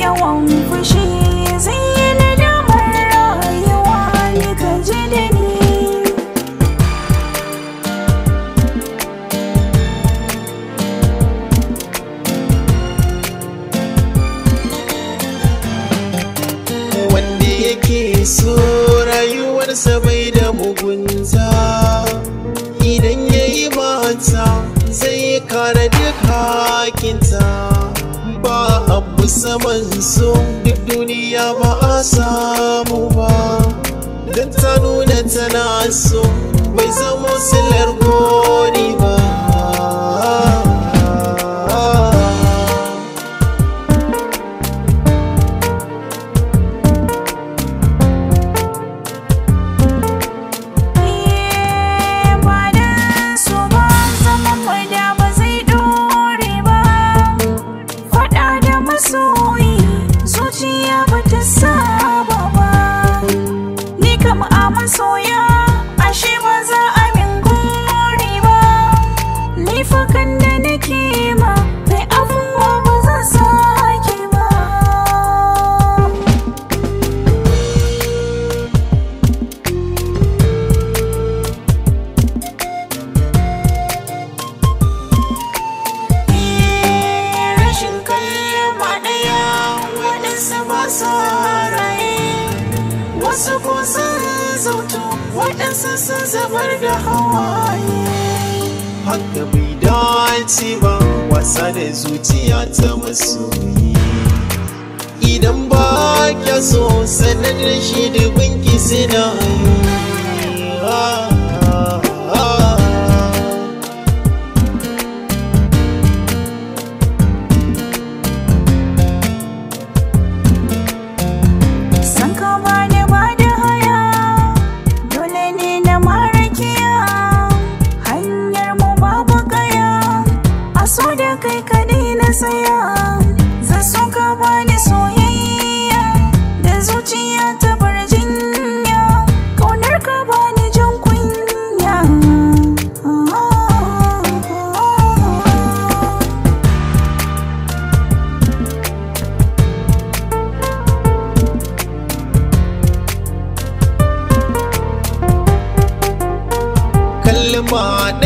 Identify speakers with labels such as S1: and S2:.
S1: yawan fushi zai yi nadamar rayuwa ni ka ji da ni
S2: wanda yake so rayuwarsa bai da mugunta idan ya yi mata zai kare duk hakinta ba abu saman sun duk duniya ba a samu ba don ta nuna tana sun bai zamo silar gori
S1: zuciya bata sa
S2: wasu ko sun zautu waɗansu sun zabar da hawaye haka bai dace ba wasa da zuciya ta masoyi idan ba kya so sanar da shi dubin suna morning.